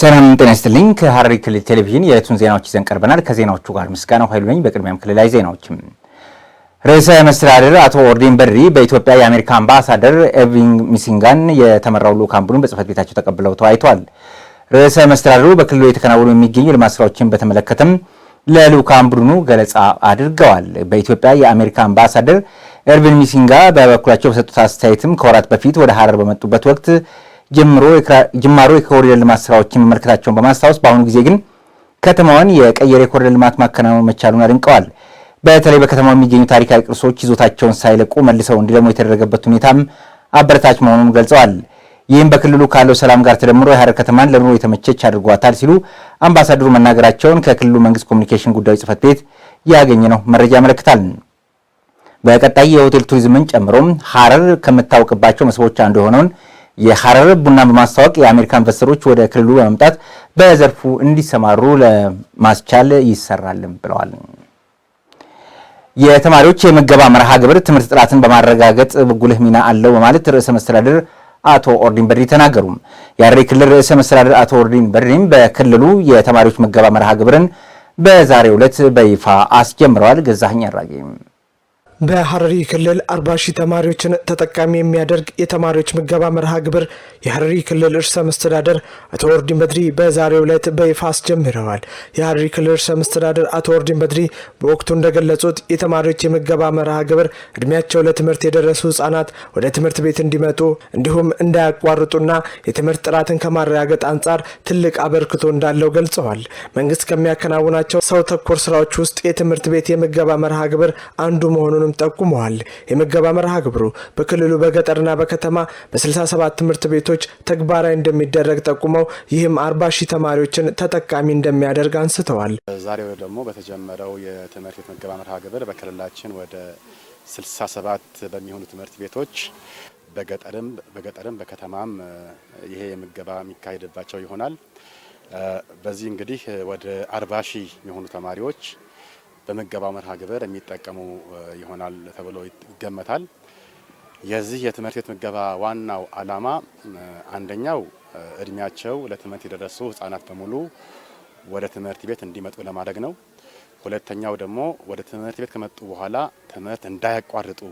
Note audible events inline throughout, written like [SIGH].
ሰላም ጤና ይስጥልኝ። ከሐረሪ ክልል ቴሌቪዥን የዕለቱን ዜናዎች ይዘን ቀርበናል። ከዜናዎቹ ጋር ምስጋናው ኃይሉ ነኝ። በቅድሚያም ክልላዊ ዜናዎችም ርዕሰ መስተዳድር አቶ ኦርዲን በድሪ በኢትዮጵያ የአሜሪካ አምባሳደር ኤርቪንግ ሚሲንጋን የተመራው ልዑካን ቡድን በጽህፈት ቤታቸው ተቀብለው ተወያይተዋል። ርዕሰ መስተዳድሩ በክልሉ የተከናወኑ የሚገኙ ልማት ስራዎችን በተመለከተም ለልዑካን ቡድኑ ገለጻ አድርገዋል። በኢትዮጵያ የአሜሪካ አምባሳደር ኤርቪን ሚሲንጋ በበኩላቸው በሰጡት አስተያየትም ከወራት በፊት ወደ ሐረር በመጡበት ወቅት ጅማሮ የኮሪደር ልማት ስራዎችን መመልከታቸውን በማስታወስ በአሁኑ ጊዜ ግን ከተማዋን የቀየረ የኮሪደር ልማት ማከናወን መቻሉን አድንቀዋል። በተለይ በከተማው የሚገኙ ታሪካዊ ቅርሶች ይዞታቸውን ሳይለቁ መልሰው እንዲለሙ የተደረገበት ሁኔታም አበረታች መሆኑን ገልጸዋል። ይህም በክልሉ ካለው ሰላም ጋር ተደምሮ የሐረር ከተማን ለኑሮ የተመቸች አድርጓታል ሲሉ አምባሳደሩ መናገራቸውን ከክልሉ መንግስት ኮሚኒኬሽን ጉዳዮች ጽህፈት ቤት ያገኘ ነው መረጃ ያመለክታል። በቀጣይ የሆቴል ቱሪዝምን ጨምሮም ሐረር ከምታውቅባቸው መስህቦች አንዱ የሆነውን የሐረር ቡናን በማስታወቅ የአሜሪካ ኢንቨስተሮች ወደ ክልሉ በመምጣት በዘርፉ እንዲሰማሩ ለማስቻል ይሰራልም ብለዋል። የተማሪዎች የምገባ መርሃ ግብር ትምህርት ጥራትን በማረጋገጥ ጉልህ ሚና አለው በማለት ርዕሰ መስተዳድር አቶ ኦርዲን በድሪ ተናገሩ። የሐረሪ ክልል ርዕሰ መስተዳድር አቶ ኦርዲን በድሪም በክልሉ የተማሪዎች ምገባ መርሃ ግብርን በዛሬው ዕለት በይፋ አስጀምረዋል። ገዛኸኝ አራጌ በሐረሪ ክልል አርባ ሺህ ተማሪዎችን ተጠቃሚ የሚያደርግ የተማሪዎች ምገባ መርሃ ግብር የሐረሪ ክልል እርሰ መስተዳደር አቶ ወርዲን በድሪ በዛሬው ዕለት በይፋ አስጀምረዋል። የሐረሪ ክልል እርሰ መስተዳደር አቶ ወርዲን በድሪ በወቅቱ እንደገለጹት የተማሪዎች የምገባ መርሃ ግብር እድሜያቸው ለትምህርት የደረሱ ህጻናት ወደ ትምህርት ቤት እንዲመጡ እንዲሁም እንዳያቋርጡና የትምህርት ጥራትን ከማረጋገጥ አንጻር ትልቅ አበርክቶ እንዳለው ገልጸዋል። መንግስት ከሚያከናውናቸው ሰው ተኮር ስራዎች ውስጥ የትምህርት ቤት የምገባ መርሃ ግብር አንዱ መሆኑንም መሆኑንም ጠቁመዋል። የምገባ መርሃ ግብሩ በክልሉ በገጠርና በከተማ በ67 ትምህርት ቤቶች ተግባራዊ እንደሚደረግ ጠቁመው ይህም 40 ሺህ ተማሪዎችን ተጠቃሚ እንደሚያደርግ አንስተዋል። ዛሬ ደግሞ በተጀመረው የትምህርት ቤት ምገባ መርሃ ግብር በክልላችን ወደ 67 በሚሆኑ ትምህርት ቤቶች በገጠርም በገጠርም በከተማም ይሄ የምገባ የሚካሄድባቸው ይሆናል። በዚህ እንግዲህ ወደ 40 ሺህ የሚሆኑ ተማሪዎች በምገባ መርሃ ግብር የሚጠቀሙ ይሆናል ተብሎ ይገመታል። የዚህ የትምህርት ቤት ምገባ ዋናው ዓላማ አንደኛው እድሜያቸው ለትምህርት የደረሱ ህጻናት በሙሉ ወደ ትምህርት ቤት እንዲመጡ ለማድረግ ነው። ሁለተኛው ደግሞ ወደ ትምህርት ቤት ከመጡ በኋላ ትምህርት እንዳያቋርጡ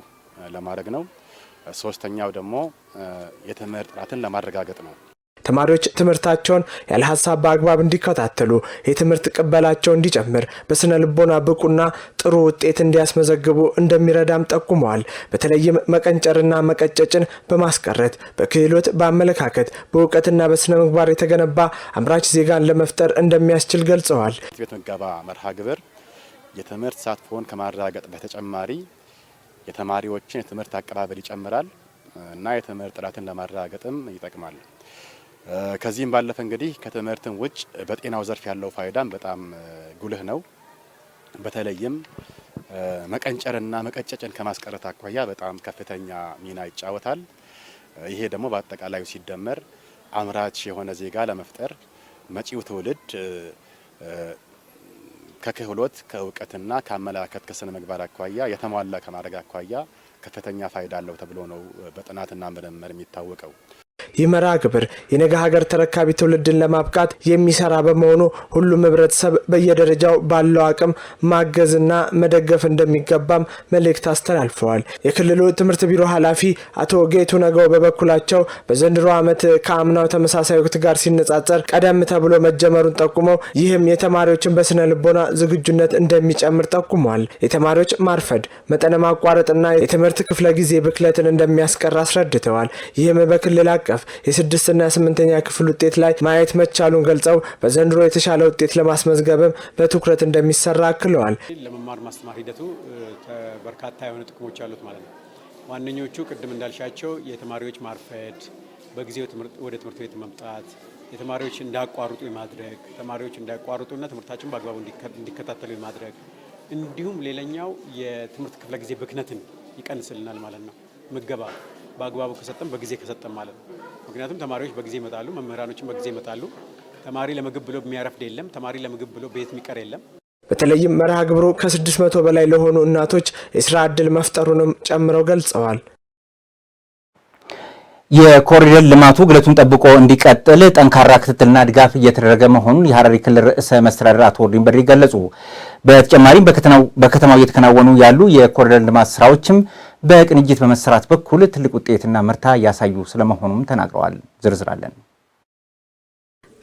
ለማድረግ ነው። ሶስተኛው ደግሞ የትምህርት ጥራትን ለማረጋገጥ ነው። ተማሪዎች ትምህርታቸውን ያለ ሀሳብ በአግባብ እንዲከታተሉ፣ የትምህርት ቅበላቸው እንዲጨምር፣ በስነ ልቦና ብቁና ጥሩ ውጤት እንዲያስመዘግቡ እንደሚረዳም ጠቁመዋል። በተለይም መቀንጨርና መቀጨጭን በማስቀረት በክህሎት በአመለካከት በእውቀትና በስነ ምግባር የተገነባ አምራች ዜጋን ለመፍጠር እንደሚያስችል ገልጸዋል። ቤት ምገባ መርሃ ግብር የትምህርት ተሳትፎን ከማረጋገጥ በተጨማሪ የተማሪዎችን የትምህርት አቀባበል ይጨምራል እና የትምህርት ጥራትን ለማረጋገጥም ይጠቅማል። ከዚህም ባለፈ እንግዲህ ከትምህርትም ውጭ በጤናው ዘርፍ ያለው ፋይዳም በጣም ጉልህ ነው። በተለይም መቀንጨርና መቀጨጭን ከማስቀረት አኳያ በጣም ከፍተኛ ሚና ይጫወታል። ይሄ ደግሞ በአጠቃላዩ ሲደመር አምራች የሆነ ዜጋ ለመፍጠር መጪው ትውልድ ከክህሎት ከእውቀትና ከአመለካከት ከስነ ምግባር አኳያ የተሟላ ከማድረግ አኳያ ከፍተኛ ፋይዳ አለው ተብሎ ነው በጥናትና ምርምር የሚታወቀው። ይህ መርሃ ግብር የነገ ሀገር ተረካቢ ትውልድን ለማብቃት የሚሰራ በመሆኑ ሁሉም ህብረተሰብ በየደረጃው ባለው አቅም ማገዝና መደገፍ እንደሚገባም መልእክት አስተላልፈዋል። የክልሉ ትምህርት ቢሮ ኃላፊ አቶ ጌቱ ነገው በበኩላቸው በዘንድሮ ዓመት ከአምናው ተመሳሳይ ወቅት ጋር ሲነጻጸር ቀደም ተብሎ መጀመሩን ጠቁመው ይህም የተማሪዎችን በስነ ልቦና ዝግጁነት እንደሚጨምር ጠቁሟል። የተማሪዎች ማርፈድ፣ መጠነ ማቋረጥና የትምህርት ክፍለ ጊዜ ብክለትን እንደሚያስቀር አስረድተዋል። ይህም በክልል አቀፍ የስድስትና የስምንተኛ ክፍል ውጤት ላይ ማየት መቻሉን ገልጸው በዘንድሮ የተሻለ ውጤት ለማስመዝገብም በትኩረት እንደሚሰራ አክለዋል። ለመማር ማስተማር ሂደቱ በርካታ የሆነ ጥቅሞች አሉት ማለት ነው። ዋነኞቹ ቅድም እንዳልሻቸው የተማሪዎች ማርፈድ፣ በጊዜው ወደ ትምህርት ቤት መምጣት፣ የተማሪዎች እንዳያቋርጡ የማድረግ ተማሪዎች እንዳያቋርጡና ትምህርታቸውን በአግባቡ እንዲከታተሉ የማድረግ እንዲሁም ሌላኛው የትምህርት ክፍለ ጊዜ ብክነትን ይቀንስልናል ማለት ነው። ምገባ በአግባቡ ከሰጠም በጊዜ ከሰጠም ማለት ነው። ምክንያቱም ተማሪዎች በጊዜ ይመጣሉ፣ መምህራኖችም በጊዜ ይመጣሉ። ተማሪ ለምግብ ብሎ የሚያረፍድ የለም። ተማሪ ለምግብ ብሎ ቤት የሚቀር የለም። በተለይም መርሃ ግብሩ ከ600 በላይ ለሆኑ እናቶች የስራ ዕድል መፍጠሩንም ጨምረው ገልጸዋል። የኮሪደር ልማቱ ግለቱን ጠብቆ እንዲቀጥል ጠንካራ ክትትልና ድጋፍ እየተደረገ መሆኑን የሐረሪ ክልል ርዕሰ መስተዳድር አቶ ድንበሪ ገለጹ። በተጨማሪም በከተማው እየተከናወኑ ያሉ የኮሪደር ልማት ስራዎችም በቅንጅት በመሰራት በኩል ትልቅ ውጤትና ምርታ እያሳዩ ስለመሆኑም ተናግረዋል። ዝርዝራለን።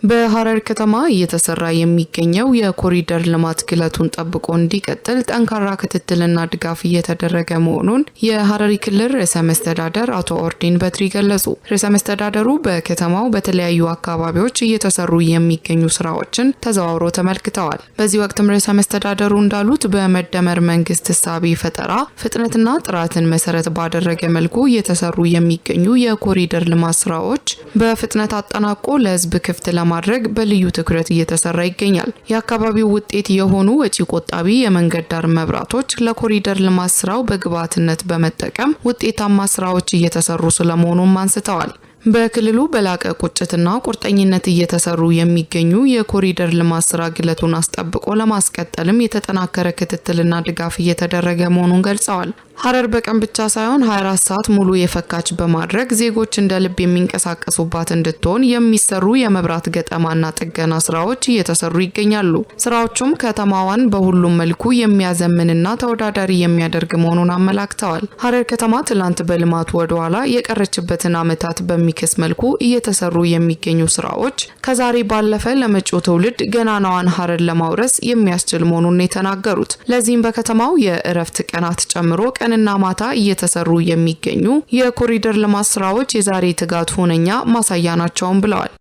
በሐረር ከተማ እየተሰራ የሚገኘው የኮሪደር ልማት ግለቱን ጠብቆ እንዲቀጥል ጠንካራ ክትትልና ድጋፍ እየተደረገ መሆኑን የሐረሪ ክልል ርዕሰ መስተዳደር አቶ ኦርዲን በትሪ ገለጹ። ርዕሰ መስተዳደሩ በከተማው በተለያዩ አካባቢዎች እየተሰሩ የሚገኙ ስራዎችን ተዘዋውሮ ተመልክተዋል። በዚህ ወቅትም ርዕሰ መስተዳደሩ እንዳሉት በመደመር መንግስት እሳቤ ፈጠራ ፍጥነትና ጥራትን መሰረት ባደረገ መልኩ እየተሰሩ የሚገኙ የኮሪደር ልማት ስራዎች በፍጥነት አጠናቆ ለህዝብ ክፍት ለማ ለማድረግ በልዩ ትኩረት እየተሰራ ይገኛል። የአካባቢው ውጤት የሆኑ ወጪ ቆጣቢ የመንገድ ዳር መብራቶች ለኮሪደር ልማት ስራው በግብዓትነት በመጠቀም ውጤታማ ስራዎች እየተሰሩ ስለመሆኑም አንስተዋል። በክልሉ በላቀ ቁጭትና ቁርጠኝነት እየተሰሩ የሚገኙ የኮሪደር ልማት ስራ ግለቱን አስጠብቆ ለማስቀጠልም የተጠናከረ ክትትልና ድጋፍ እየተደረገ መሆኑን ገልጸዋል። ሀረር በቀን ብቻ ሳይሆን 24 ሰዓት ሙሉ የፈካች በማድረግ ዜጎች እንደ ልብ የሚንቀሳቀሱባት እንድትሆን የሚሰሩ የመብራት ገጠማና ጥገና ስራዎች እየተሰሩ ይገኛሉ። ስራዎቹም ከተማዋን በሁሉም መልኩ የሚያዘምንና ተወዳዳሪ የሚያደርግ መሆኑን አመላክተዋል። ሀረር ከተማ ትላንት በልማቱ ወደኋላ የቀረችበትን ዓመታት በሚክስ መልኩ እየተሰሩ የሚገኙ ስራዎች ከዛሬ ባለፈ ለመጪው ትውልድ ገናናዋን ሀረር ለማውረስ የሚያስችል መሆኑን የተናገሩት ለዚህም በከተማው የእረፍት ቀናት ጨምሮ ቀንና ማታ እየተሰሩ የሚገኙ የኮሪደር ልማት ስራዎች የዛሬ ትጋት ሁነኛ ማሳያ ናቸውም ብለዋል።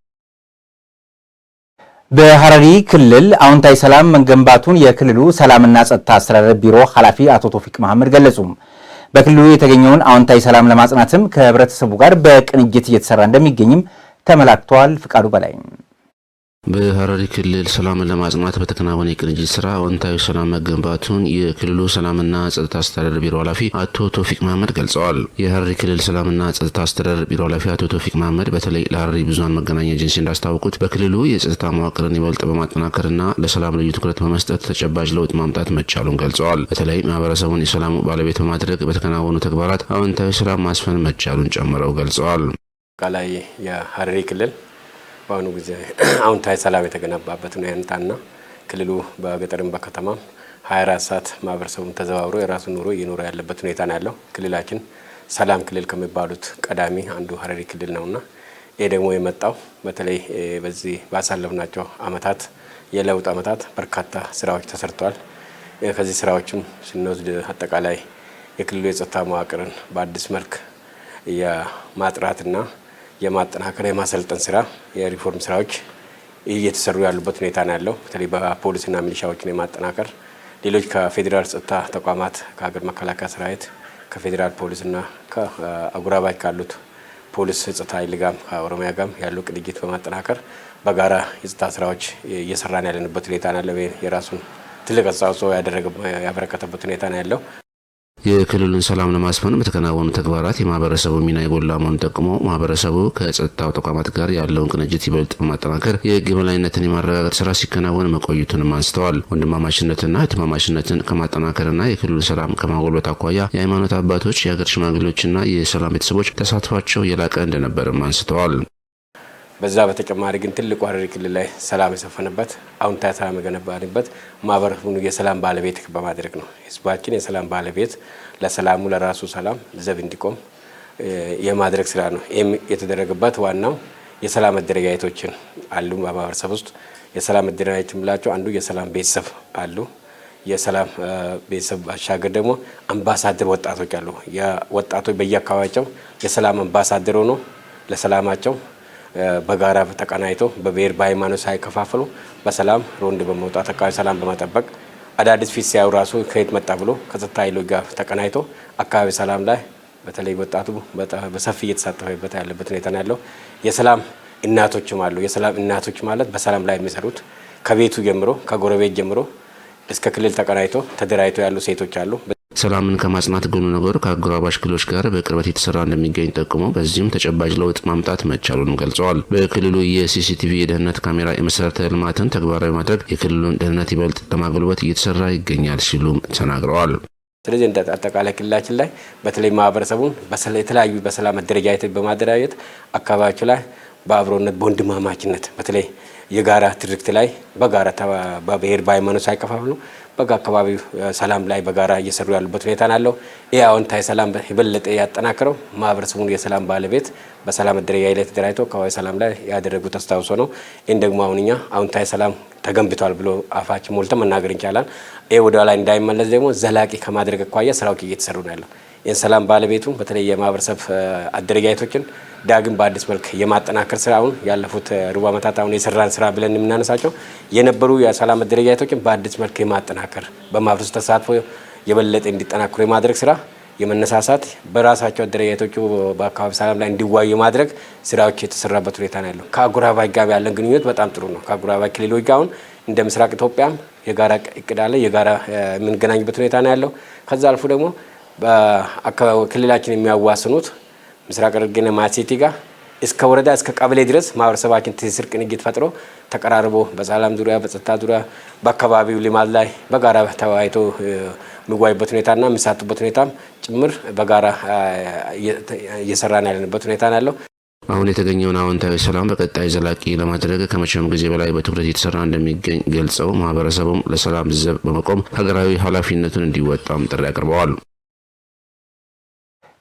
በሐረሪ ክልል አዎንታዊ ሰላም መገንባቱን የክልሉ ሰላምና ጸጥታ አስተዳደር ቢሮ ኃላፊ አቶ ቶፊቅ መሐመድ ገለጹ። በክልሉ የተገኘውን አዎንታዊ ሰላም ለማጽናትም ከህብረተሰቡ ጋር በቅንጅት እየተሰራ እንደሚገኝም ተመላክቷል ፍቃዱ በላይ በሐረሪ ክልል ሰላምን ለማጽናት በተከናወነ የቅንጅት ስራ አዎንታዊ ሰላም መገንባቱን የክልሉ ሰላምና ጸጥታ አስተዳደር ቢሮ ኃላፊ አቶ ቶፊቅ መሀመድ ገልጸዋል። የሐረሪ ክልል ሰላምና ጸጥታ አስተዳደር ቢሮ ኃላፊ አቶ ቶፊቅ መሀመድ በተለይ ለሐረሪ ብዙሀን መገናኛ ኤጀንሲ እንዳስታወቁት በክልሉ የጸጥታ መዋቅርን ይበልጥ በማጠናከርና ለሰላም ልዩ ትኩረት በመስጠት ተጨባጭ ለውጥ ማምጣት መቻሉን ገልጸዋል። በተለይ ማህበረሰቡን የሰላሙ ባለቤት በማድረግ በተከናወኑ ተግባራት አዎንታዊ ሰላም ማስፈን መቻሉን ጨምረው ገልጸዋል። ቃላይ የሐረሪ ክልል በአሁኑ ጊዜ [CLEARS THROAT] አዎንታዊ ሰላም የተገነባበት ሁኔታና ክልሉ በገጠርም በከተማም አራት ሰዓት ማህበረሰቡን ተዘዋውሮ የራሱ ኑሮ እየኖረ ያለበት ሁኔታ ነው ያለው። ክልላችን ሰላም ክልል ከሚባሉት ቀዳሚ አንዱ ሀረሪ ክልል ነውና ይህ ደግሞ የመጣው በተለይ በዚህ ባሳለፍናቸው አመታት የለውጥ አመታት በርካታ ስራዎች ተሰርተዋል። ከዚህ ስራዎችም ስንወስድ አጠቃላይ የክልሉ የጸጥታ መዋቅርን በአዲስ መልክ የማጥራትና የማጠናከር የማሰልጠን ስራ የሪፎርም ስራዎች እየተሰሩ ያሉበት ሁኔታ ነው ያለው። በተለይ በፖሊስና ሚሊሻዎችን የማጠናከር ሌሎች ከፌዴራል ጸጥታ ተቋማት ከሀገር መከላከያ ሰራዊት ከፌዴራል ፖሊስና ከአጉራባች ካሉት ፖሊስ ጸጥታ ኃይል ጋም ከኦሮሚያ ጋም ያሉ ቅንጅት በማጠናከር በጋራ የጸጥታ ስራዎች እየሰራን ያለንበት ሁኔታ ነው ያለው። የራሱን ትልቅ አስተዋጽኦ ያደረገ ያበረከተበት ሁኔታ ነው ያለው። የክልሉን ሰላም ለማስፈን በተከናወኑ ተግባራት የማህበረሰቡ ሚና የጎላ መሆኑን ጠቅሞ ማህበረሰቡ ከጸጥታው ተቋማት ጋር ያለውን ቅንጅት ይበልጥ በማጠናከር የህግ የበላይነትን የማረጋገጥ ስራ ሲከናወን መቆየቱንም አንስተዋል። ወንድማማችነትና ህትማማችነትን ከማጠናከርና የክልሉን ሰላም ከማጎልበት አኳያ የሃይማኖት አባቶች፣ የሀገር ሽማግሌዎችና የሰላም ቤተሰቦች ተሳትፏቸው የላቀ እንደነበርም አንስተዋል። በዛ በተጨማሪ ግን ትልቁ ሀረሪ ክልል ላይ ሰላም የሰፈነበት አሁን ታ ሰላም የገነባንበት ማህበረሰቡን የሰላም ባለቤት በማድረግ ነው። ህዝባችን የሰላም ባለቤት ለሰላሙ ለራሱ ሰላም ዘብ እንዲቆም የማድረግ ስራ ነው። ይህም የተደረገበት ዋናው የሰላም መደረጃጀቶችን አሉ። በማህበረሰብ ውስጥ የሰላም መደረጃጀት የምላቸው አንዱ የሰላም ቤተሰብ አሉ። የሰላም ቤተሰብ ባሻገር ደግሞ አምባሳደር ወጣቶች አሉ። ወጣቶች በየአካባቢያቸው የሰላም አምባሳደር ሆኖ ለሰላማቸው በጋራ ተቀናይቶ በብሔር በሃይማኖት ሳይከፋፍሉ በሰላም ሮንድ በመውጣት አካባቢ ሰላም በመጠበቅ አዳዲስ ፊት ሲያዩ ራሱ ከየት መጣ ብሎ ከጸጥታ ኃይሎች ጋር ተቀናይቶ አካባቢ ሰላም ላይ በተለይ ወጣቱ በሰፊ እየተሳተፈበት ያለበት ሁኔታ ነው ያለው። የሰላም እናቶችም አሉ። የሰላም እናቶች ማለት በሰላም ላይ የሚሰሩት ከቤቱ ጀምሮ ከጎረቤት ጀምሮ እስከ ክልል ተቀናይቶ ተደራጅቶ ያሉ ሴቶች አሉ። ሰላምን ከማጽናት ጎኑ ነገሩ ከአጎራባሽ ክልሎች ጋር በቅርበት የተሰራ እንደሚገኝ ጠቁመው በዚህም ተጨባጭ ለውጥ ማምጣት መቻሉንም ገልጸዋል። በክልሉ የሲሲቲቪ የደህንነት ካሜራ የመሰረተ ልማትን ተግባራዊ ማድረግ የክልሉን ደህንነት ይበልጥ ለማጎልበት እየተሰራ ይገኛል ሲሉም ተናግረዋል። ስለዚህ እንደ አጠቃላይ ክልላችን ላይ በተለይ ማህበረሰቡን የተለያዩ በሰላም መደረጃጀት በማደራጀት አካባቢዎች ላይ በአብሮነት በወንድማማችነት በተለይ የጋራ ትርክት ላይ በጋራ በብሔር በሃይማኖት ሳይከፋፍሉ በአካባቢው ሰላም ላይ በጋራ እየሰሩ ያሉበት ሁኔታ ናለው። ይህ አዎንታዊ ሰላም የበለጠ ያጠናክረው ማህበረሰቡን የሰላም ባለቤት በሰላም መደረጃ ላይ ተደራጅቶ አካባቢ ሰላም ላይ ያደረጉት አስተዋጽኦ ነው። ይህን ደግሞ አሁንኛ አዎንታዊ ሰላም ተገንብቷል ብሎ አፋች ሞልተ መናገር እንችላለን። ይህ ወደ ላይ እንዳይመለስ ደግሞ ዘላቂ ከማድረግ አኳያ ስራዎች እየተሰሩ ነው ያለው። ይህን ሰላም ባለቤቱ በተለይ የማህበረሰብ አደረጃጀቶችን ዳግም በአዲስ መልክ የማጠናከር ስራ አሁን ያለፉት ሩብ ዓመታት አሁን የሰራን ስራ ብለን የምናነሳቸው የነበሩ የሰላም መደረጃጀቶችን በአዲስ መልክ የማጠናከር በማህበረሰብ ተሳትፎ የበለጠ እንዲጠናክሩ የማድረግ ስራ የመነሳሳት በራሳቸው አደረጃጀቶቹ በአካባቢ ሰላም ላይ እንዲዋዩ የማድረግ ስራዎች የተሰራበት ሁኔታ ነው ያለው። ከአጎራባች ጋር ያለን ግንኙነት በጣም ጥሩ ነው። ከአጎራባች ክልሎች ጋር አሁን እንደ ምስራቅ ኢትዮጵያም የጋራ እቅድ አለ፣ የጋራ የምንገናኝበት ሁኔታ ነው ያለው። ከዛ አልፎ ደግሞ ክልላችን የሚያዋስኑት ምስራቅ ሐረርጌና ማሴቲ ጋር እስከ ወረዳ እስከ ቀበሌ ድረስ ማህበረሰባችን ትስስር ቅንጅት ፈጥሮ ተቀራርቦ በሰላም ዙሪያ በጸጥታ ዙሪያ በአካባቢው ልማት ላይ በጋራ ተወያይቶ የሚዋይበት ሁኔታና የሚሳቱበት ሁኔታም ጭምር በጋራ እየሰራን ያለንበት ሁኔታ ያለው። አሁን የተገኘውን አዎንታዊ ሰላም በቀጣይ ዘላቂ ለማድረግ ከመቼም ጊዜ በላይ በትኩረት የተሰራ እንደሚገኝ ገልጸው ማህበረሰቡም ለሰላም ዘብ በመቆም ሀገራዊ ኃላፊነቱን እንዲወጣም ጥሪ አቅርበዋል።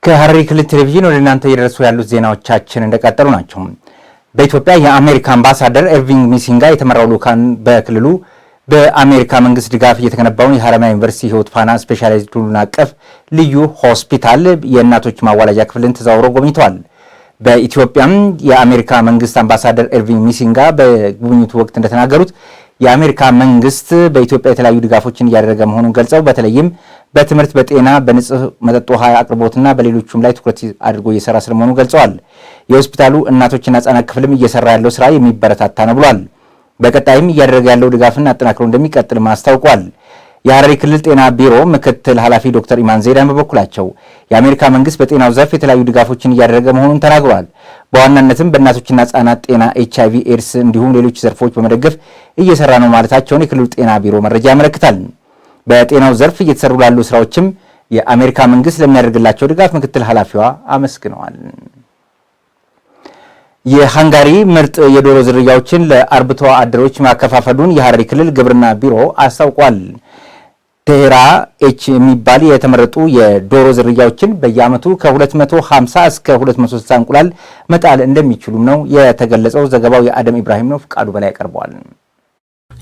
ከሐረሪ ክልል ቴሌቪዥን ወደ እናንተ እየደረሱ ያሉት ዜናዎቻችን እንደቀጠሉ ናቸው። በኢትዮጵያ የአሜሪካ አምባሳደር ኤርቪንግ ሚሲንጋ የተመራው ልዑካን በክልሉ በአሜሪካ መንግስት ድጋፍ እየተገነባውን የሀረማያ ዩኒቨርሲቲ ህይወት ፋና ስፔሻላይዝድ ሁሉን አቀፍ ልዩ ሆስፒታል የእናቶች ማዋላጃ ክፍልን ተዘዋውሮ ጎብኝተዋል። በኢትዮጵያም የአሜሪካ መንግስት አምባሳደር ኤርቪንግ ሚሲንጋ በጉብኝቱ ወቅት እንደተናገሩት የአሜሪካ መንግስት በኢትዮጵያ የተለያዩ ድጋፎችን እያደረገ መሆኑን ገልጸው በተለይም በትምህርት፣ በጤና፣ በንጹህ መጠጥ ውሃ አቅርቦትና በሌሎቹም ላይ ትኩረት አድርጎ እየሰራ ስለመሆኑ ገልጸዋል። የሆስፒታሉ እናቶችና ህጻናት ክፍልም እየሰራ ያለው ስራ የሚበረታታ ነው ብሏል። በቀጣይም እያደረገ ያለው ድጋፍን አጠናክሮ እንደሚቀጥልም አስታውቋል። የሐረሪ ክልል ጤና ቢሮ ምክትል ኃላፊ ዶክተር ኢማን ዜዳን በበኩላቸው የአሜሪካ መንግስት በጤናው ዘርፍ የተለያዩ ድጋፎችን እያደረገ መሆኑን ተናግሯል። በዋናነትም በእናቶችና ህጻናት ጤና፣ ኤች አይቪ ኤድስ እንዲሁም ሌሎች ዘርፎች በመደገፍ እየሰራ ነው ማለታቸውን የክልሉ ጤና ቢሮ መረጃ ያመለክታል። በጤናው ዘርፍ እየተሰሩ ላሉ ስራዎችም የአሜሪካ መንግስት ለሚያደርግላቸው ድጋፍ ምክትል ኃላፊዋ አመስግነዋል። የሃንጋሪ ምርጥ የዶሮ ዝርያዎችን ለአርብቶ አደሮች ማከፋፈሉን የሐረሪ ክልል ግብርና ቢሮ አስታውቋል። ቴራ ኤች የሚባል የተመረጡ የዶሮ ዝርያዎችን በየአመቱ ከ250 እስከ 260 እንቁላል መጣል እንደሚችሉም ነው የተገለጸው። ዘገባው የአደም ኢብራሂም ነው። ፍቃዱ በላይ ያቀርበዋል።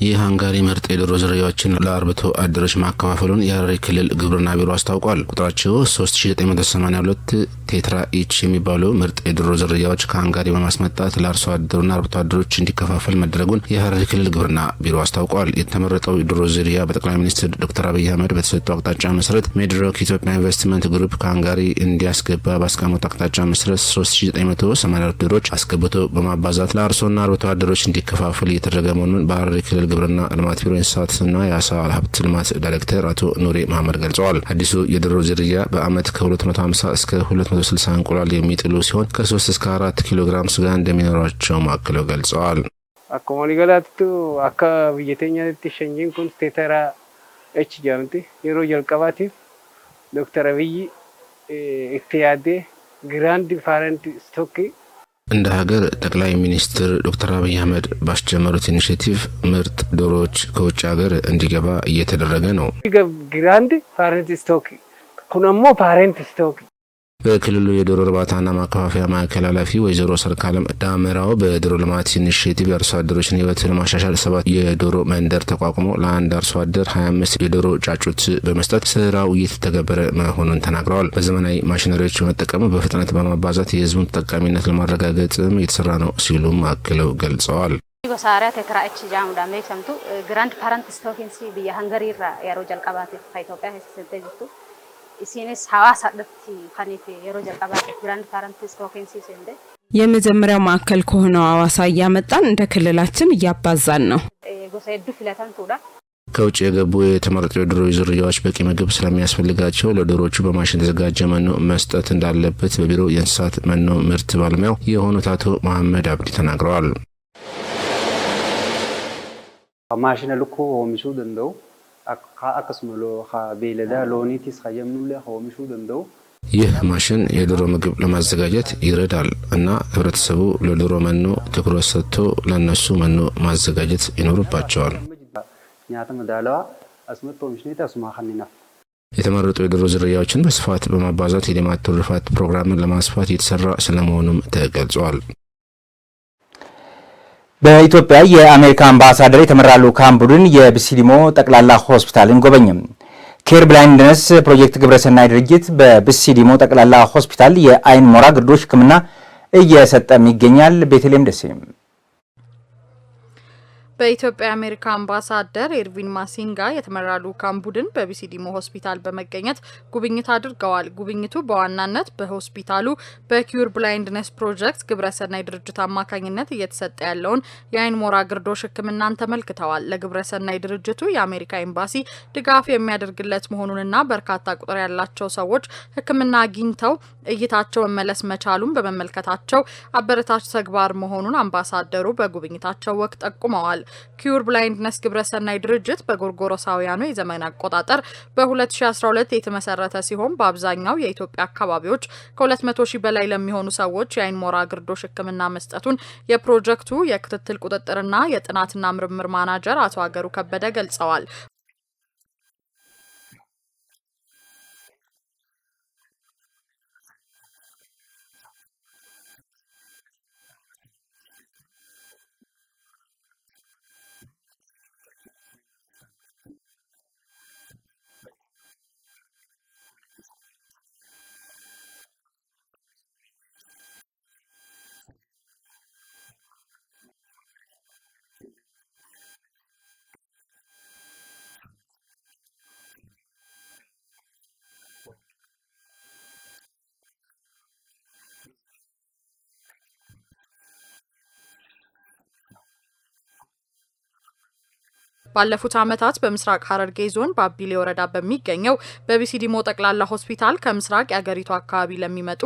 ይህ ሃንጋሪ ምርጥ የዶሮ ዝርያዎችን ለአርብቶ አደሮች ማከፋፈሉን የሀረሪ ክልል ግብርና ቢሮ አስታውቋል። ቁጥራቸው 3982 ቴትራ ኢች የሚባሉ ምርጥ የዶሮ ዝርያዎች ከሃንጋሪ በማስመጣት ለአርሶ አደሩና አርብቶ አደሮች እንዲከፋፈል መደረጉን የሀረሪ ክልል ግብርና ቢሮ አስታውቋል። የተመረጠው የዶሮ ዝርያ በጠቅላይ ሚኒስትር ዶክተር አብይ አህመድ በተሰጠው አቅጣጫ መሰረት ሜድሮክ ኢትዮጵያ ኢንቨስትመንት ግሩፕ ከሃንጋሪ እንዲያስገባ ባስቀመጠው አቅጣጫ መሰረት 3982 ዶሮች አስገብቶ በማባዛት ለአርሶና አርብቶ አደሮች እንዲከፋፈል እየተደረገ መሆኑን በሀረሪ ክልል የግብርና ልማት ቢሮ እንስሳትና የአሳ ሀብት ልማት ዳይሬክተር አቶ ኑሬ መሐመድ ገልጸዋል። አዲሱ የዶሮ ዝርያ በዓመት ከ250 እስከ 260 እንቁላል የሚጥሉ ሲሆን ከ3 እስከ 4 ኪሎ ግራም ስጋ እንደሚኖራቸው ማክለው ገልጸዋል። አኮማ ሊገላቱ አካ ብየተኛ ሸኝን ኩን ቴተራ ጃምቲ የሮ ጀልቀባቲፍ ዶክተር አብይ እክትያዴ ግራንድ ፋረንት ስቶክ እንደ ሀገር ጠቅላይ ሚኒስትር ዶክተር አብይ አህመድ ባስጀመሩት ኢኒሽቲቭ ምርጥ ዶሮዎች ከውጭ ሀገር እንዲገባ እየተደረገ ነው። ግራንድ ፓረንት ስቶክ ኩነሞ ፓረንት ስቶክ በክልሉ የዶሮ እርባታና ማከፋፈያ ማዕከል ኃላፊ ወይዘሮ ሰርካለም ዳመራው በዶሮ ልማት ኢኒሽቲቭ የአርሶ አደሮችን ህይወት ለማሻሻል ሰባት የዶሮ መንደር ተቋቁሞ ለአንድ አርሶ አደር አምስት የዶሮ ጫጩት በመስጠት ስራው እየተተገበረ መሆኑን ተናግረዋል። በዘመናዊ ማሽነሪዎች በመጠቀም በፍጥነት በማባዛት የህዝቡን ተጠቃሚነት ለማረጋገጥም የተሰራ ነው ሲሉም አክለው ገልጸዋል። gosaariyaa teekiraa'achi jedhamu dhaan beekamtu giraand parantis tookinsi biyya hangarii irraa yeroo jalqabaatiif Itoophiyaa keessa የመጀመሪያው ማዕከል ከሆነው ሀዋሳ እያመጣን እንደ ክልላችን እያባዛን ነው። ጎሳ ከውጭ የገቡ የተመረጡ የዶሮ ዝርያዎች በቂ ምግብ ስለሚያስፈልጋቸው ለዶሮቹ በማሽን የተዘጋጀ መኖ መስጠት እንዳለበት በቢሮ የእንስሳት መኖ ምርት ባለሙያው የሆኑት አቶ መሐመድ አብዲ ተናግረዋል። ማሽን ልኮ ኦሚሱ ድንደው ካ አቅስምሎ ቤለዳ ሎኒቲስ ካ የምኑለ ሆሚሹ ይህ ማሽን የዶሮ ምግብ ለማዘጋጀት ይረዳል እና ህብረተሰቡ ለዶሮ መኖ ትኩረት ሰጥቶ ለእነሱ መኖ ማዘጋጀት ይኖርባቸዋል። የተመረጡ የዶሮ ዝርያዎችን በስፋት በማባዛት የልማት ትሩፋት ፕሮግራምን ለማስፋት እየተሰራ ስለመሆኑም ተገልጿል። በኢትዮጵያ የአሜሪካ አምባሳደር የተመራ ልዑካን ቡድን የብሲሊሞ ጠቅላላ ሆስፒታልን ጎበኝም። ኬር ብላይንድነስ ፕሮጀክት ግብረሰናይ ድርጅት በብሲሊሞ ጠቅላላ ሆስፒታል የአይን ሞራ ግርዶሽ ሕክምና እየሰጠም ይገኛል። ቤተልሔም ደሴም በኢትዮጵያ የአሜሪካ አምባሳደር ኤርቪን ማሲንጋ የተመራ ልዑካን ቡድን በቢሲዲሞ ሆስፒታል በመገኘት ጉብኝት አድርገዋል። ጉብኝቱ በዋናነት በሆስፒታሉ በኪዩር ብላይንድነስ ፕሮጀክት ግብረሰናይ ድርጅት አማካኝነት እየተሰጠ ያለውን የአይን ሞራ ግርዶሽ ሕክምናን ተመልክተዋል። ለግብረሰናይ ድርጅቱ የአሜሪካ ኤምባሲ ድጋፍ የሚያደርግለት መሆኑንና በርካታ ቁጥር ያላቸው ሰዎች ሕክምና አግኝተው እይታቸው መመለስ መቻሉን በመመልከታቸው አበረታች ተግባር መሆኑን አምባሳደሩ በጉብኝታቸው ወቅት ጠቁመዋል። ኪዩር ብላይንድነስ ግብረሰናይ ድርጅት በጎርጎሮሳውያኑ የዘመን አቆጣጠር በ2012 የተመሰረተ ሲሆን በአብዛኛው የኢትዮጵያ አካባቢዎች ከ200 ሺህ በላይ ለሚሆኑ ሰዎች የአይን ሞራ ግርዶሽ ሕክምና መስጠቱን የፕሮጀክቱ የክትትል ቁጥጥርና የጥናትና ምርምር ማናጀር አቶ አገሩ ከበደ ገልጸዋል። ባለፉት ዓመታት በምስራቅ ሐረርጌ ዞን በአቢሌ ወረዳ በሚገኘው በቢሲዲሞ ጠቅላላ ሆስፒታል ከምስራቅ የአገሪቱ አካባቢ ለሚመጡ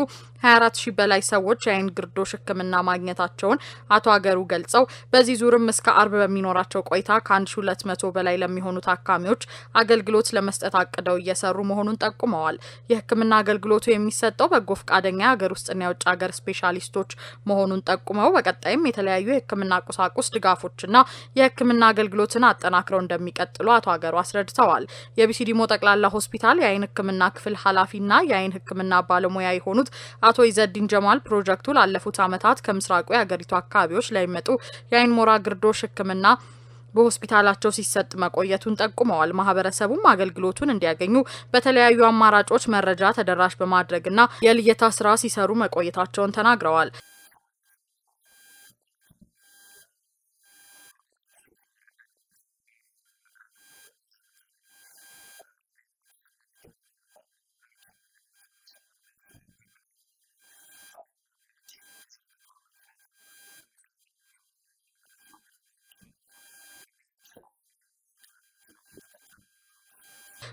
24 ሺህ በላይ ሰዎች የአይን ግርዶሽ ሕክምና ማግኘታቸውን አቶ አገሩ ገልጸው በዚህ ዙርም እስከ አርብ በሚኖራቸው ቆይታ ከ1200 በላይ ለሚሆኑ ታካሚዎች አገልግሎት ለመስጠት አቅደው እየሰሩ መሆኑን ጠቁመዋል። የሕክምና አገልግሎቱ የሚሰጠው በጎ ፈቃደኛ የሀገር ውስጥና የውጭ ሀገር ስፔሻሊስቶች መሆኑን ጠቁመው በቀጣይም የተለያዩ የሕክምና ቁሳቁስ ድጋፎችና የሕክምና አገልግሎትን አጠናክረው እንደሚቀጥሉ አቶ አገሩ አስረድተዋል። የቢሲዲሞ ጠቅላላ ሆስፒታል የአይን ሕክምና ክፍል ኃላፊና የአይን ሕክምና ባለሙያ የሆኑት አቶ ኢዘዲን ጀማል ፕሮጀክቱ ላለፉት ዓመታት ከምስራቁ የሀገሪቱ አካባቢዎች ለሚመጡ የአይን ሞራ ግርዶሽ ሕክምና በሆስፒታላቸው ሲሰጥ መቆየቱን ጠቁመዋል። ማህበረሰቡም አገልግሎቱን እንዲያገኙ በተለያዩ አማራጮች መረጃ ተደራሽ በማድረግና የልየታ ስራ ሲሰሩ መቆየታቸውን ተናግረዋል።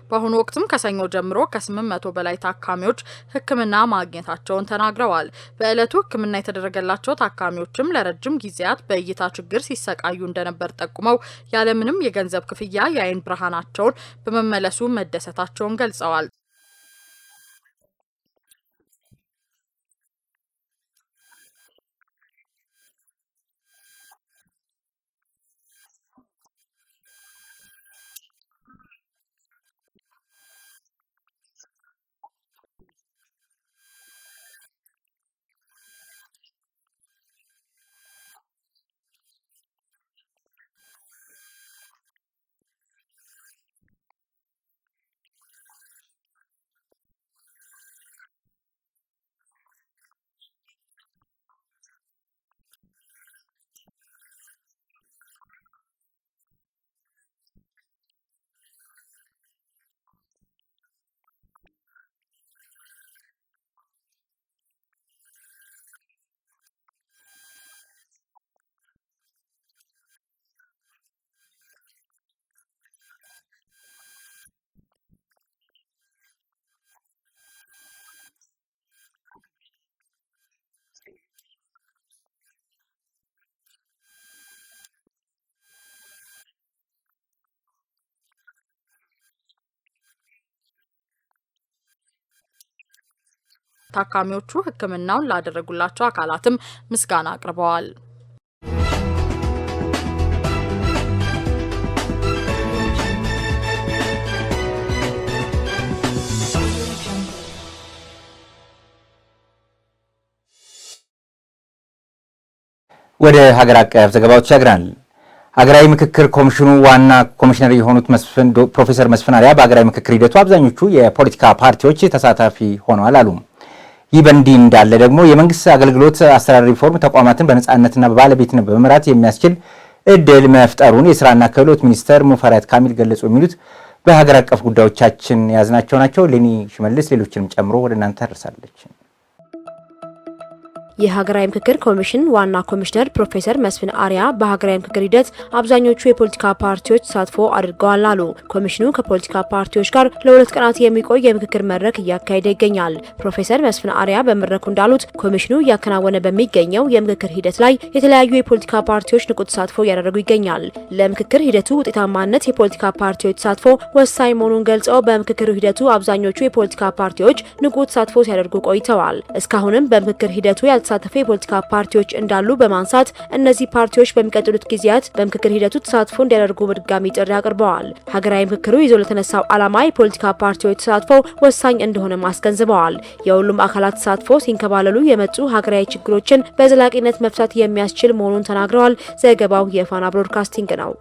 በአሁኑ ወቅትም ከሰኞ ጀምሮ ከ800 በላይ ታካሚዎች ህክምና ማግኘታቸውን ተናግረዋል። በዕለቱ ህክምና የተደረገላቸው ታካሚዎችም ለረጅም ጊዜያት በእይታ ችግር ሲሰቃዩ እንደነበር ጠቁመው ያለምንም የገንዘብ ክፍያ የአይን ብርሃናቸውን በመመለሱ መደሰታቸውን ገልጸዋል። ታካሚዎቹ ሕክምናውን ላደረጉላቸው አካላትም ምስጋና አቅርበዋል። ወደ ሀገር አቀፍ ዘገባዎች ያግራል። ሀገራዊ ምክክር ኮሚሽኑ ዋና ኮሚሽነር የሆኑት ፕሮፌሰር መስፍን አሪያ በሀገራዊ ምክክር ሂደቱ አብዛኞቹ የፖለቲካ ፓርቲዎች ተሳታፊ ሆነዋል አሉም። ይህ በእንዲህ እንዳለ ደግሞ የመንግስት አገልግሎት አሰራር ሪፎርም ተቋማትን በነፃነትና በባለቤትነት በመምራት የሚያስችል እድል መፍጠሩን የስራና ክህሎት ሚኒስተር ሙፈሪያት ካሚል ገለጹ። የሚሉት በሀገር አቀፍ ጉዳዮቻችን የያዝናቸው ናቸው። ሌኒ ሽመልስ ሌሎችንም ጨምሮ ወደ እናንተ አደርሳለች። የሀገራዊ ምክክር ኮሚሽን ዋና ኮሚሽነር ፕሮፌሰር መስፍን አሪያ በሀገራዊ ምክክር ሂደት አብዛኞቹ የፖለቲካ ፓርቲዎች ተሳትፎ አድርገዋል አሉ። ኮሚሽኑ ከፖለቲካ ፓርቲዎች ጋር ለሁለት ቀናት የሚቆይ የምክክር መድረክ እያካሄደ ይገኛል። ፕሮፌሰር መስፍን አሪያ በመድረኩ እንዳሉት ኮሚሽኑ እያከናወነ በሚገኘው የምክክር ሂደት ላይ የተለያዩ የፖለቲካ ፓርቲዎች ንቁ ተሳትፎ እያደረጉ ይገኛል። ለምክክር ሂደቱ ውጤታማነት የፖለቲካ ፓርቲዎች ተሳትፎ ወሳኝ መሆኑን ገልጸው በምክክር ሂደቱ አብዛኞቹ የፖለቲካ ፓርቲዎች ንቁ ተሳትፎ ሲያደርጉ ቆይተዋል። እስካሁንም በምክክር ሂደቱ ያልተሳተፈ የፖለቲካ ፓርቲዎች እንዳሉ በማንሳት እነዚህ ፓርቲዎች በሚቀጥሉት ጊዜያት በምክክር ሂደቱ ተሳትፎ እንዲያደርጉ በድጋሚ ጥሪ አቅርበዋል። ሀገራዊ ምክክሩ ይዞ ለተነሳው ዓላማ የፖለቲካ ፓርቲዎች ተሳትፎ ወሳኝ እንደሆነም አስገንዝበዋል። የሁሉም አካላት ተሳትፎ ሲንከባለሉ የመጡ ሀገራዊ ችግሮችን በዘላቂነት መፍታት የሚያስችል መሆኑን ተናግረዋል። ዘገባው የፋና ብሮድካስቲንግ ነው።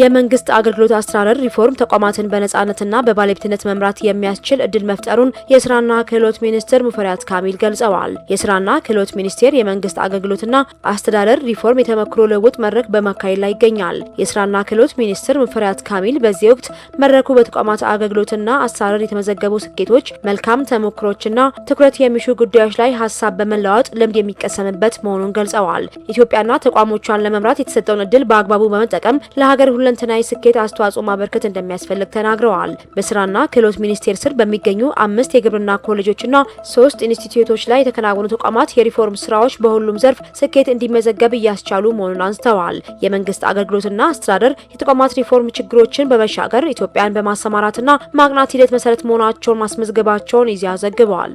የመንግስት አገልግሎት አስተዳደር ሪፎርም ተቋማትን በነጻነትና በባለቤትነት መምራት የሚያስችል እድል መፍጠሩን የስራና ክህሎት ሚኒስትር ሙፈሪያት ካሚል ገልጸዋል። የስራና ክህሎት ሚኒስቴር የመንግስት አገልግሎትና አስተዳደር ሪፎርም የተመክሮ ልውውጥ መድረክ በማካሄድ ላይ ይገኛል። የስራና ክህሎት ሚኒስትር ሙፈሪያት ካሚል በዚህ ወቅት መድረኩ በተቋማት አገልግሎትና አስተዳደር የተመዘገቡ ስኬቶች፣ መልካም ተሞክሮችና ትኩረት የሚሹ ጉዳዮች ላይ ሀሳብ በመለዋወጥ ልምድ የሚቀሰምበት መሆኑን ገልጸዋል። ኢትዮጵያና ተቋሞቿን ለመምራት የተሰጠውን እድል በአግባቡ በመጠቀም ለሀገር ሁለ ለሁለንተናዊ ስኬት አስተዋጽኦ ማበርከት እንደሚያስፈልግ ተናግረዋል። በስራና ክህሎት ሚኒስቴር ስር በሚገኙ አምስት የግብርና ኮሌጆችና ሶስት ኢንስቲትዩቶች ላይ የተከናወኑ ተቋማት የሪፎርም ስራዎች በሁሉም ዘርፍ ስኬት እንዲመዘገብ እያስቻሉ መሆኑን አንስተዋል። የመንግስት አገልግሎትና አስተዳደር የተቋማት ሪፎርም ችግሮችን በመሻገር ኢትዮጵያን በማሰማራትና ማቅናት ሂደት መሰረት መሆናቸውን ማስመዝገባቸውን ይዚያ ዘግበዋል።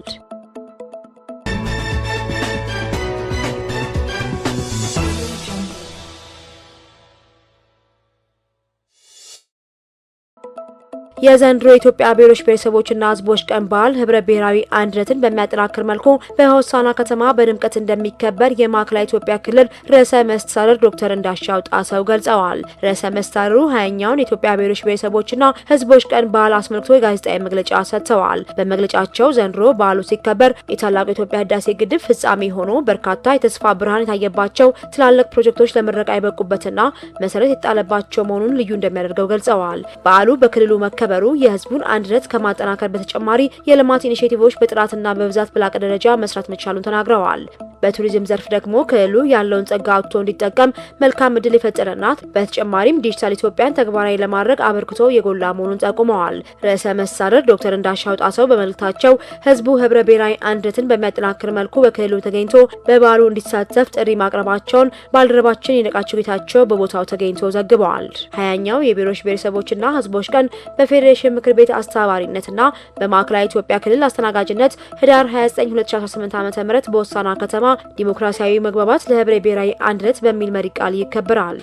የዘንድሮ የኢትዮጵያ ብሔሮች ብሔረሰቦችና ሕዝቦች ቀን በዓል ህብረ ብሔራዊ አንድነትን በሚያጠናክር መልኩ በሆሳና ከተማ በድምቀት እንደሚከበር የማዕከላዊ ኢትዮጵያ ክልል ርዕሰ መስተዳድር ዶክተር እንዳሻው ጣሰው ገልጸዋል። ርዕሰ መስተዳድሩ ሀያኛውን የኢትዮጵያ ብሔሮች ብሔረሰቦችና ሕዝቦች ቀን በዓል አስመልክቶ የጋዜጣዊ መግለጫ ሰጥተዋል። በመግለጫቸው ዘንድሮ በዓሉ ሲከበር የታላቁ የኢትዮጵያ ህዳሴ ግድብ ፍጻሜ ሆኖ በርካታ የተስፋ ብርሃን የታየባቸው ትላልቅ ፕሮጀክቶች ለምረቃ የበቁበትና መሰረት የተጣለባቸው መሆኑን ልዩ እንደሚያደርገው ገልጸዋል። በዓሉ በክልሉ መከበር ማህበሩ የህዝቡን አንድነት ከማጠናከር በተጨማሪ የልማት ኢኒሼቲቮች በጥራትና በብዛት በላቀ ደረጃ መስራት መቻሉን ተናግረዋል። በቱሪዝም ዘርፍ ደግሞ ክልሉ ያለውን ጸጋ አውጥቶ እንዲጠቀም መልካም እድል የፈጠረናት በተጨማሪም ዲጂታል ኢትዮጵያን ተግባራዊ ለማድረግ አበርክቶ የጎላ መሆኑን ጠቁመዋል። ርዕሰ መስተዳድር ዶክተር እንዳሻው ጣሰው በመልእክታቸው ህዝቡ ህብረ ብሔራዊ አንድነትን በሚያጠናክር መልኩ በክልሉ ተገኝቶ በበዓሉ እንዲሳተፍ ጥሪ ማቅረባቸውን ባልደረባችን የነቃቸው ጌታቸው በቦታው ተገኝቶ ዘግበዋል። ሀያኛው የብሔሮች ብሔረሰቦችና ህዝቦች ቀን በፌ በፌዴሬሽን ምክር ቤት አስተባባሪነትና በማዕከላዊ ኢትዮጵያ ክልል አስተናጋጅነት ህዳር 29 2018 ዓ.ም በወሳና ከተማ ዲሞክራሲያዊ መግባባት ለህብረ ብሔራዊ አንድነት በሚል መሪ ቃል ይከበራል።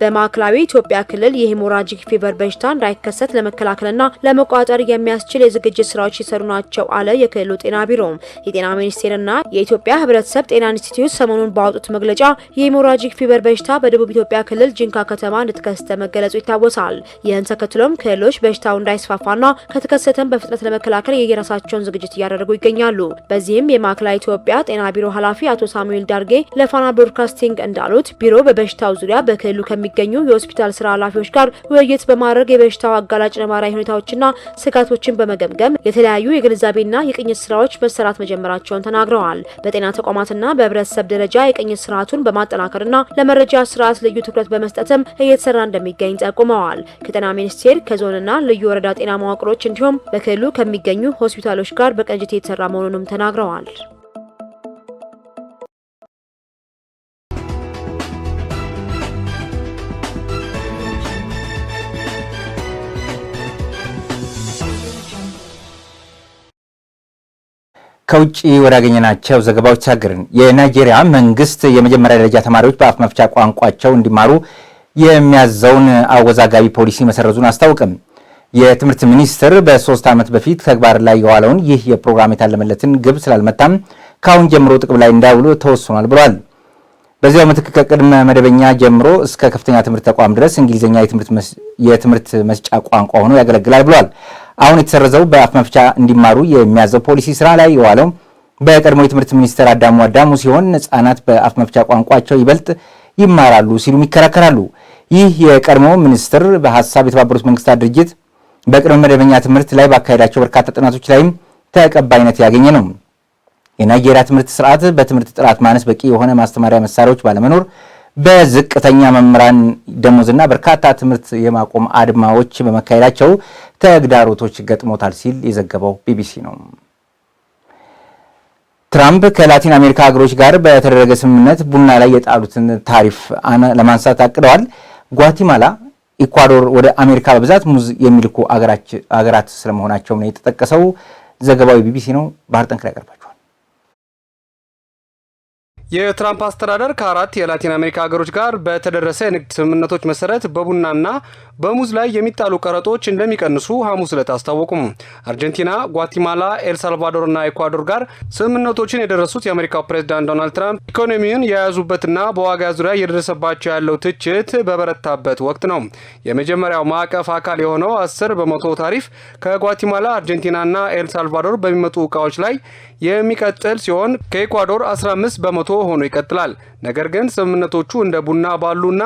በማዕከላዊ ኢትዮጵያ ክልል የሄሞራጂክ ፊቨር በሽታ እንዳይከሰት ለመከላከልና ለመቋጠር የሚያስችል የዝግጅት ስራዎች ሲሰሩ ናቸው አለ የክልሉ ጤና ቢሮ። የጤና ሚኒስቴርና የኢትዮጵያ ህብረተሰብ ጤና ኢንስቲትዩት ሰሞኑን ባወጡት መግለጫ የሄሞራጂክ ፊቨር በሽታ በደቡብ ኢትዮጵያ ክልል ጂንካ ከተማ እንደተከሰተ መገለጹ ይታወሳል። ይህን ተከትሎም ክልሎች በሽታው እንዳይስፋፋና ከተከሰተም በፍጥነት ለመከላከል የየራሳቸውን ዝግጅት እያደረጉ ይገኛሉ። በዚህም የማዕከላዊ ኢትዮጵያ ጤና ቢሮ ኃላፊ አቶ ሳሙኤል ዳርጌ ለፋና ብሮድካስቲንግ እንዳሉት ቢሮ በበሽታው ዙሪያ በክልሉ ከሚ ከሚገኙ የሆስፒታል ስራ ኃላፊዎች ጋር ውይይት በማድረግ የበሽታው አጋላጭ ነባራዊ ሁኔታዎችና ስጋቶችን በመገምገም የተለያዩ የግንዛቤና የቅኝት ስራዎች መሰራት መጀመራቸውን ተናግረዋል። በጤና ተቋማትና በህብረተሰብ ደረጃ የቅኝት ስርዓቱን በማጠናከርና ለመረጃ ስርዓት ልዩ ትኩረት በመስጠትም እየተሰራ እንደሚገኝ ጠቁመዋል። ከጤና ሚኒስቴር ከዞንና ልዩ ወረዳ ጤና መዋቅሮች እንዲሁም በክልሉ ከሚገኙ ሆስፒታሎች ጋር በቅንጅት የተሰራ መሆኑንም ተናግረዋል። ከውጭ ወዳገኘናቸው ዘገባዎች ተሻገርን። የናይጄሪያ መንግስት የመጀመሪያ ደረጃ ተማሪዎች በአፍ መፍቻ ቋንቋቸው እንዲማሩ የሚያዘውን አወዛጋቢ ፖሊሲ መሰረዙን አስታወቅም። የትምህርት ሚኒስትር በሶስት ዓመት በፊት ተግባር ላይ የዋለውን ይህ የፕሮግራም የታለመለትን ግብ ስላልመታም ከአሁን ጀምሮ ጥቅም ላይ እንዳይውሉ ተወስኗል ብሏል። በዚያው ምትክ ከቅድመ መደበኛ ጀምሮ እስከ ከፍተኛ ትምህርት ተቋም ድረስ እንግሊዝኛ የትምህርት መስጫ ቋንቋ ሆኖ ያገለግላል ብሏል። አሁን የተሰረዘው በአፍ መፍቻ እንዲማሩ የሚያዘው ፖሊሲ ስራ ላይ የዋለው በቀድሞ የትምህርት ሚኒስትር አዳሙ አዳሙ ሲሆን ህጻናት በአፍ መፍቻ ቋንቋቸው ይበልጥ ይማራሉ ሲሉም ይከራከራሉ። ይህ የቀድሞ ሚኒስትር በሀሳብ የተባበሩት መንግስታት ድርጅት በቅድመ መደበኛ ትምህርት ላይ ባካሄዳቸው በርካታ ጥናቶች ላይም ተቀባይነት ያገኘ ነው። የናይጄሪያ ትምህርት ስርዓት በትምህርት ጥራት ማነስ በቂ የሆነ ማስተማሪያ መሳሪያዎች ባለመኖር በዝቅተኛ መምህራን ደሞዝና በርካታ ትምህርት የማቆም አድማዎች በመካሄዳቸው ተግዳሮቶች ገጥሞታል ሲል የዘገበው ቢቢሲ ነው። ትራምፕ ከላቲን አሜሪካ ሀገሮች ጋር በተደረገ ስምምነት ቡና ላይ የጣሉትን ታሪፍ ለማንሳት አቅደዋል። ጓቲማላ፣ ኢኳዶር ወደ አሜሪካ በብዛት ሙዝ የሚልኩ አገራት ስለመሆናቸው ነው የተጠቀሰው። ዘገባው ቢቢሲ ነው። ባህር ጠንክር ያቀርባል። የትራምፕ አስተዳደር ከአራት የላቲን አሜሪካ ሀገሮች ጋር በተደረሰ የንግድ ስምምነቶች መሰረት በቡናና በሙዝ ላይ የሚጣሉ ቀረጦች እንደሚቀንሱ ሐሙስ ዕለት አስታወቁም። አርጀንቲና፣ ጓቲማላ፣ ኤልሳልቫዶርና ኤኳዶር ጋር ስምምነቶችን የደረሱት የአሜሪካው ፕሬዚዳንት ዶናልድ ትራምፕ ኢኮኖሚውን የያዙበትና በዋጋ ዙሪያ እየደረሰባቸው ያለው ትችት በበረታበት ወቅት ነው። የመጀመሪያው ማዕቀፍ አካል የሆነው አስር በመቶ ታሪፍ ከጓቲማላ፣ አርጀንቲናና ኤልሳልቫዶር በሚመጡ ዕቃዎች ላይ የሚቀጥል ሲሆን ከኤኳዶር 15 በመቶ ሆኖ ይቀጥላል። ነገር ግን ስምምነቶቹ እንደ ቡና ባሉና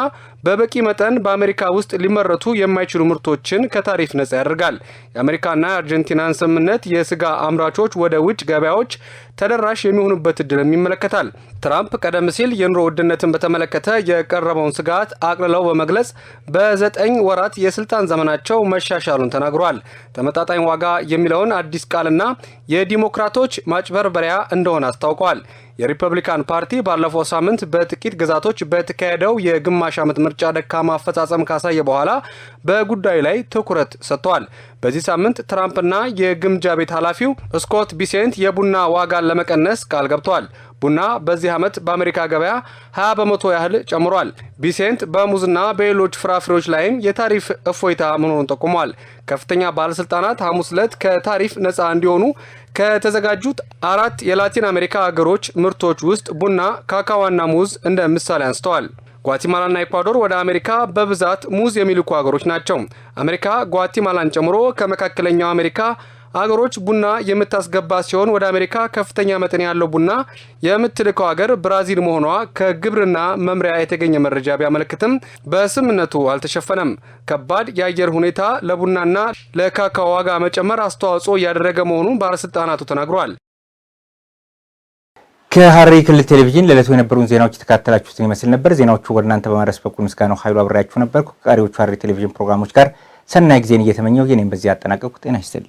በበቂ መጠን በአሜሪካ ውስጥ ሊመረቱ የማይችሉ ምርቶችን ከታሪፍ ነጻ ያደርጋል። የአሜሪካና የአርጀንቲናን ስምምነት የስጋ አምራቾች ወደ ውጭ ገበያዎች ተደራሽ የሚሆኑበት እድልም ይመለከታል። ትራምፕ ቀደም ሲል የኑሮ ውድነትን በተመለከተ የቀረበውን ስጋት አቅልለው በመግለጽ በዘጠኝ ወራት የስልጣን ዘመናቸው መሻሻሉን ተናግሯል። ተመጣጣኝ ዋጋ የሚለውን አዲስ ቃልና የዲሞክራቶች ማጭበርበሪያ እንደሆነ አስታውቋል። የሪፐብሊካን ፓርቲ ባለፈው ሳምንት በጥቂት ግዛቶች በተካሄደው የግማሽ ዓመት ምርጫ ደካማ አፈጻጸም ካሳየ በኋላ በጉዳዩ ላይ ትኩረት ሰጥተዋል። በዚህ ሳምንት ትራምፕና የግምጃ ቤት ኃላፊው ስኮት ቢሴንት የቡና ዋጋን ለመቀነስ ቃል ገብተዋል። ቡና በዚህ ዓመት በአሜሪካ ገበያ 20 በመቶ ያህል ጨምሯል። ቢሴንት በሙዝና በሌሎች ፍራፍሬዎች ላይም የታሪፍ እፎይታ መኖሩን ጠቁሟል። ከፍተኛ ባለስልጣናት ሐሙስ ዕለት ከታሪፍ ነፃ እንዲሆኑ ከተዘጋጁት አራት የላቲን አሜሪካ አገሮች ምርቶች ውስጥ ቡና፣ ካካዋና ሙዝ እንደ ምሳሌ አንስተዋል። ጓቲማላና ኢኳዶር ወደ አሜሪካ በብዛት ሙዝ የሚልኩ አገሮች ናቸው። አሜሪካ ጓቲማላን ጨምሮ ከመካከለኛው አሜሪካ አገሮች ቡና የምታስገባ ሲሆን ወደ አሜሪካ ከፍተኛ መጠን ያለው ቡና የምትልከው አገር ብራዚል መሆኗ ከግብርና መምሪያ የተገኘ መረጃ ቢያመለክትም በስምምነቱ አልተሸፈነም። ከባድ የአየር ሁኔታ ለቡናና ለካካ ዋጋ መጨመር አስተዋጽኦ እያደረገ መሆኑን ባለስልጣናቱ ተናግሯል። ከሐረሪ ክልል ቴሌቪዥን ለዕለቱ የነበሩን ዜናዎች የተካተላችሁትን ይመስል ነበር። ዜናዎቹ ወደ እናንተ በማድረስ በኩል ምስጋናው ኃይሉ አብሬያችሁ ነበርኩ። ከቀሪዎቹ ሐረሪ ቴሌቪዥን ፕሮግራሞች ጋር ሰናይ ጊዜን እየተመኘው የኔም በዚህ አጠናቀቅኩ። ጤና ይስጥልኝ።